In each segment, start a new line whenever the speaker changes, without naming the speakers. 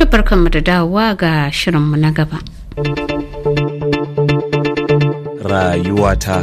tabarkan barkanmu da dawowa ga shirinmu na gaba.
Rayuwata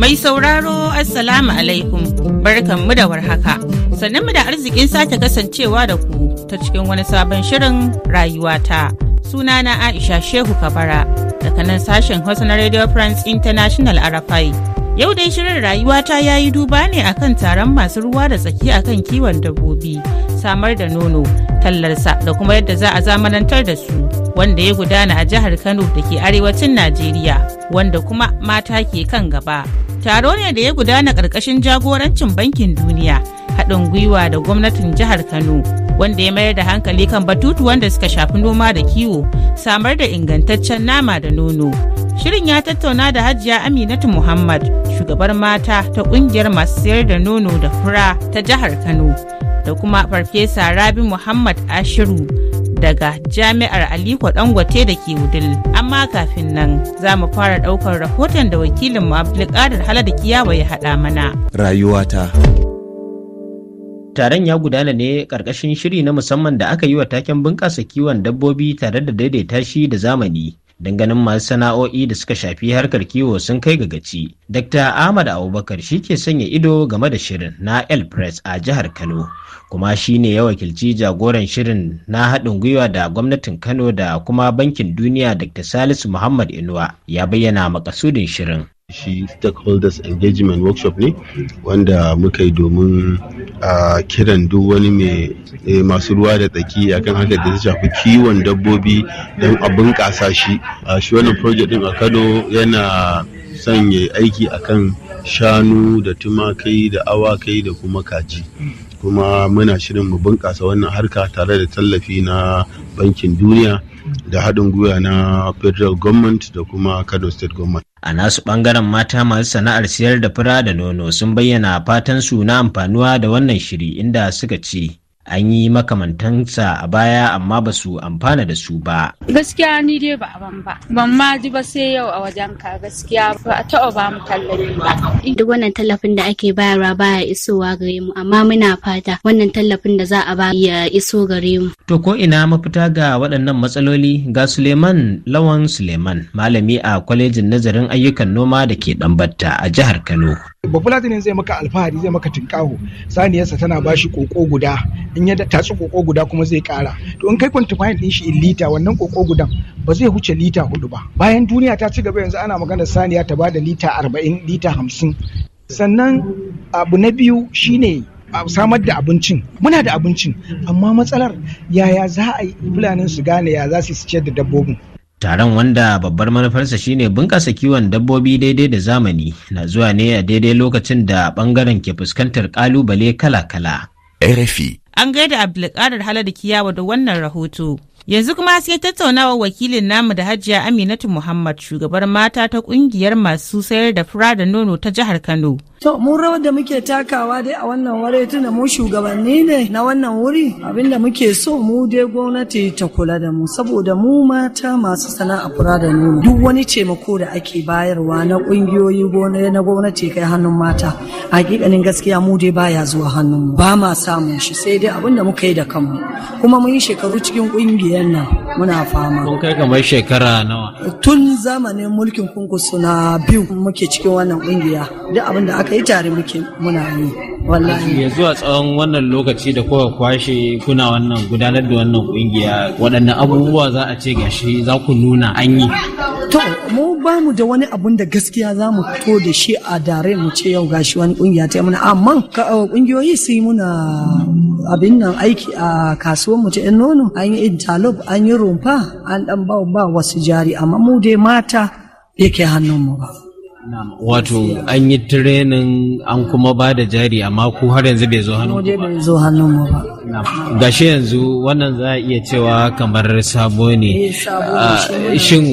Mai sauraro Assalamu alaikum barkanmu da warhaka sannanmu da arzikin sake kasancewa da ku ta cikin wani sabon shirin rayuwata sunana Aisha Shehu Kabara daga nan sashen Hausa na Radio France International Arafai Yau dai shirin rayuwata ya yi duba ne akan taron masu ruwa da tsaki akan kiwon dabbobi, samar da nono, tallarsa da kuma yadda za a zamanantar da su, wanda ya gudana a jihar Kano da ke arewacin Najeriya, wanda kuma mata ke kan gaba. Taro ne da ya gudana ƙarƙashin jagorancin Bankin Duniya, haɗin gwiwa da gwamnatin jihar Kano, wanda ya mayar da hankali kan batutuwan da suka shafi noma da kiwo, samar da ingantaccen nama da nono. Shirin ya tattauna da Hajiya Aminatu Muhammad, shugabar mata ta kungiyar masu sayar da nono da fura ta jihar Kano, da kuma Farfesa Rabi Muhammad Ashiru daga Jami'ar Aliko Dangote da ke Wudil. Amma kafin nan za mu fara ɗaukar rahoton da wakilin mu Abdulkadir Halada Kiyawa ya haɗa mana.
Rayuwata. Taron ya gudana ne ƙarƙashin shiri na musamman da aka yi wa taken bunƙasa kiwon dabbobi tare da daidaita shi da zamani. ganin masu sana'o'i da suka shafi harkar kiwo sun kai ga gaci. Dr. Ahmad Abubakar shi ke sanya ido game da shirin na El Press a jihar Kano, kuma shi ne ya wakilci jagoran shirin na haɗin gwiwa da gwamnatin Kano da kuma Bankin Duniya Dr. Salisu Muhammad Inuwa ya bayyana makasudin shirin. shi stakeholders engagement workshop ne wanda muka yi domin a kiran duk wani mai eh, masu ruwa da tsaki akan haka da ta shafi kiwon dabbobi don abin bunƙasa shi a shi wannan project din a kano yana son ya aiki akan shanu da tumakai da awakai da kuma kaji kuma muna shirin mu bunƙasa wannan harka tare da tallafi na bankin duniya da haɗin gwiwa na federal government da kuma kano state government a nasu ɓangaren mata masu sana'ar siyar da fura da nono sun bayyana fatan su na amfanuwa da wannan shiri inda suka ce an yi makamantansa a baya amma ba su amfana da su ba.
Gaskiya ni dai ba ban ba, ban ma
ji
ba sai yau a wajen ka gaskiya ba a taɓa ba mu tallafi ba.
Duk wannan tallafin da ake bayarwa baya isowa gare mu amma muna fata wannan tallafin da za a ba ya iso gare mu.
To ko ina mafita ga waɗannan matsaloli ga Suleiman Lawan Suleiman malami a kwalejin nazarin ayyukan noma da ke Ɗanbatta a jihar Kano. Bafulatinin zai maka alfahari zai maka tinkaho saniyarsa tana bashi koko guda in ya tatsi koko guda kuma zai kara to in kai quantifying din shi in lita wannan koko gudan ba zai huce lita hudu ba bayan duniya ta ci gaba yanzu ana magana saniya ta bada lita arba'in lita hamsin sannan abu na biyu shine samar da abincin muna da abincin amma matsalar yaya za a yi fulanin su gane ya za su yi da dabbobin taron wanda babbar manufarsa shine bunƙasa kiwon dabbobi daidai da zamani na zuwa ne a daidai lokacin da ɓangaren ke fuskantar ƙalubale kala-kala. RFI
An gaida Abdulkadir Haladu Kiyawa da wannan rahoto. Yanzu kuma sai tattaunawa wakilin namu da Hajiya Aminatu Muhammad shugabar mata ta kungiyar masu sayar da fura da nono ta jihar Kano.
To mu rawar da muke takawa dai a wannan ware tunda mu shugabanni ne na wannan wuri abinda muke so mu dai gwamnati ta kula da mu saboda mu mata masu sana'a fura da nono duk wani taimako da ake bayarwa na kungiyoyi gona na gwamnati kai hannun mata hakikanin gaskiya mu dai baya zuwa hannun mu ba ma samun shi sai dai abinda muka yi da kanmu kuma mun yi shekaru cikin kungiyar nan muna fama. Kun
kai kamar shekara nawa?
Tun zamanin mulkin kunkusu na biyu muke cikin wannan kungiya duk abinda kai tare muke muna yi wallahi ya
zuwa tsawon wannan lokaci da kowa kwashe kuna wannan gudanar da wannan kungiya waɗanne abubuwa za a ce gashi za ku nuna an yi
to mu ba mu da wani abun da gaskiya za mu fito da shi a dare mu ce yau gashi wani kungiya ta muna amma uh, kungiyoyi su yi muna abin nan aiki a kasuwar mu ta yan nono an yi interlock an yi rumfa an dan ba wasu jari amma mu dai mata yake hannun mu ba
wato an yi tirenin an kuma ba da jari amma ku har yanzu bai zo hannun
ba mu ba
gashi yanzu wannan za a iya cewa kamar sabo ne eh,
ah, shin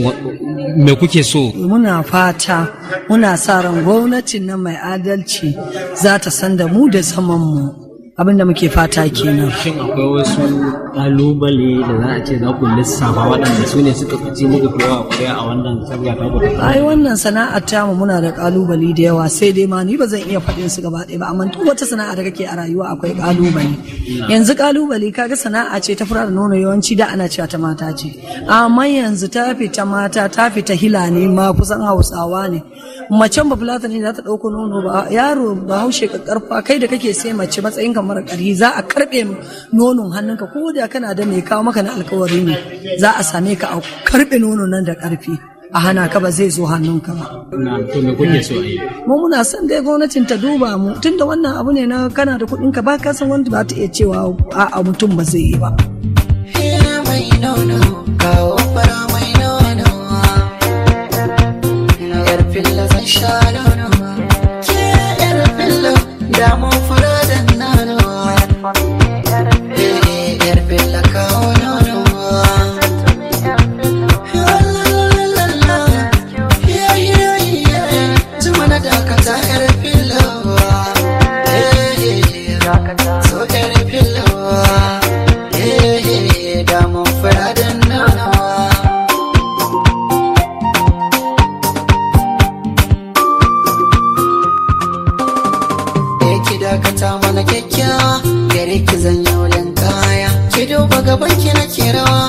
me kuke so
muna fata muna sa ran na na mai adalci za ta san da mu da zaman mu abin da muke fata kenan. Shin akwai wasu
kalubale da za a ce za ku lissafa waɗanda su ne suka fice muku kowa koya a wannan
sabuwa? ta gudu? Ai wannan sana'a ta mu muna da kalubale da yawa sai dai ma ni ba zan iya faɗin su gaba ɗaya ba amma duk wata sana'a da kake a rayuwa akwai kalubale. Yanzu kalubale kaga sana'a ce ta fura da nono yawanci da ana cewa ta mata ce amma yanzu ta fita mata ta fita hila ne ma kusan hausawa ne Mace ba fulata ne za ta ɗauko nono ba yaro ba haushe ka karfa kai da kake sai mace matsayinka kamar ƙari za a karɓe nonon hannunka ko da kana da mai kawo maka na alkawari ne za a same ka a karɓe nonon nan da ƙarfi a hana ka ba zai zo hannunka ba. Mu muna son dai gwamnatin ta duba mu tunda wannan abu ne na kana da kuɗinka ba ka san wanda ba ta iya cewa a mutum ba zai yi ba. kawo dakata mana kyakkyawa gare ki zan kaya ki duba gaban ki na rawa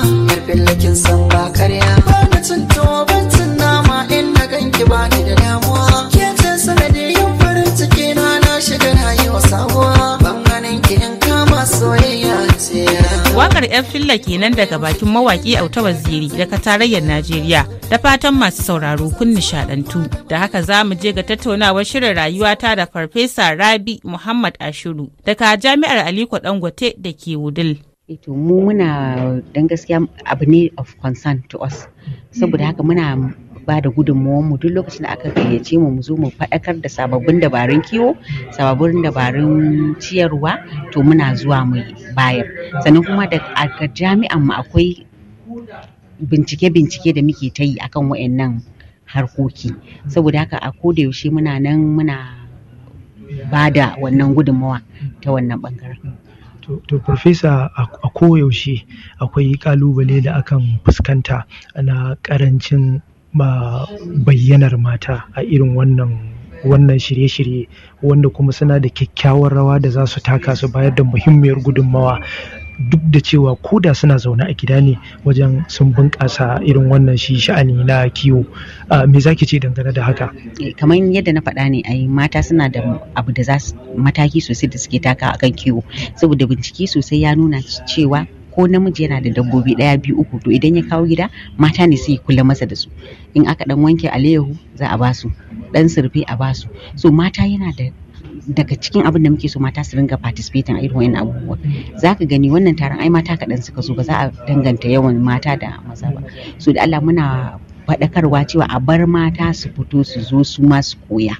Wakar
'yan filla kenan daga bakin mawaki Auta Waziri daga tarayyar Najeriya da fatan masu sauraro kun nishadantu. Da haka za mu je ga tattaunawar shirin rayuwa ta da Farfesa Rabi Muhammad Ashiru daga Jami'ar Aliko Dangote da ke Wudil. Ito eh mu
muna dan gaskiya abu ne of concern to us. Saboda haka muna ba da gudunmuwan mu duk lokacin da aka gayyace mu mu zo mu faɗakar da sababbin dabarun kiwo sababbin dabarun ciyarwa to muna zuwa mu bayar sannan kuma daga jami'an mu akwai bincike-bincike da muke ta yi akan wa'annan harkoki saboda haka a koda yaushe muna nan muna ba da wannan gudunmuwa ta wannan bangaren.
to farfesa a koyaushe akwai kalubale da akan fuskanta na karancin ma bayyanar mata a irin wannan wannan shirye-shirye wanda kuma suna da kyakkyawar rawa da za su taka su bayar da muhimmiyar gudunmawa duk da cewa koda suna zaune a gida ne wajen sun bunƙasa irin wannan shi sha'ani na kiwo ah, me za ce dangane da haka
eh, kamar yadda na faɗa ne ai mata suna da abu da za su mataki sosai da suke taka a kan kiwo saboda bincike sosai ya nuna cewa ko namiji yana da dabbobi ɗaya biyu uku to idan ya kawo gida mata ne su kula masa da su in aka dan wanke alayyahu za a basu dan surfe a basu so mata yana da daga cikin abin da muke so mata su ringa participating a irin wani abubuwa za ka gani wannan taron ai mata kaɗan suka so. ba za a danganta yawan mata da maza ba so da Allah muna faɗakarwa cewa a bar mata su fito su zo su ma su koya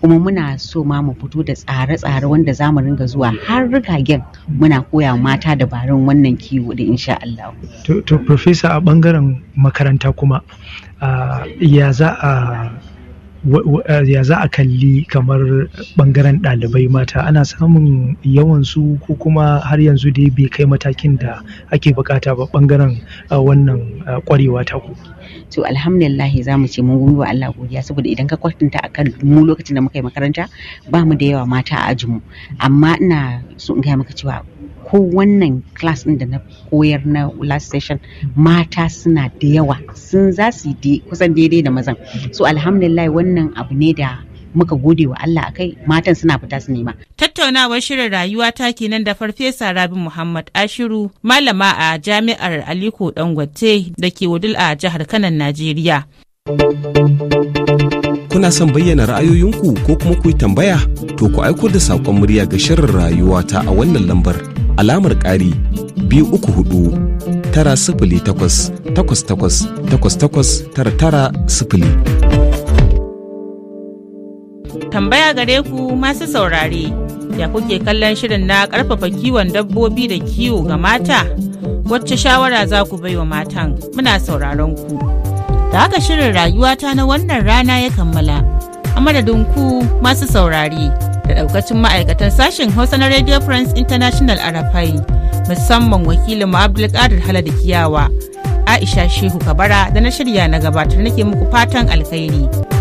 kuma muna so ma mu fito da tsare-tsare wanda za mu ringa zuwa har rikagen muna koya mata dabarun wannan kiwo da insha Allah.
To, Profesa a bangaren makaranta kuma uh, ya za a Eh, ya za a kalli kamar bangaren ɗalibai mata ana samun yawan su ko kuma har yanzu dai bai kai matakin da ake bukata ba bangaren eh, wannan kwarewa eh, ta ku
to alhamdulillah za mu ce mun gumi wa Allah godiya saboda idan ka kwatanta akan mu lokacin da muka yi makaranta ba mu da yawa mata a ajinmu amma ina so in gaya maka cewa ko wannan class ɗin da na koyar na last session mata suna da yawa sun za su yi kusan daidai da mazan so alhamdulillah wannan abu ne da muka gode wa Allah akai matan suna fita su nema.
Tattaunawar shirin rayuwa ta kenan da Farfesa Rabi Muhammad Ashiru malama a jami'ar Aliko Dangote da ke Wudul a jihar Kanan Najeriya.
kuna son bayyana ra'ayoyinku ko kuma ku tambaya to ku aiko da saƙon murya ga shirin rayuwa ta a wannan lambar alamar ƙari biyu uku hudu tara sifili takwas takwas takwas takwas takwas tara tara
sifili.
Tambaya gare ku masu saurare ya kuke kallon shirin na ƙarfafa kiwon dabbobi da kiwo ga mata wacce shawara za ku baiwa matan muna sauraron ku. Da haka shirin rayuwata na wannan rana ya kammala. A madadin ku masu saurari da daukacin ma'aikatan sashen Hausa na Radio France International Arafai musamman wakilin mu Abdulkadir Haladu Kiyawa. Aisha Shehu Kabara da na shirya na gabatar nake muku fatan alkhairi.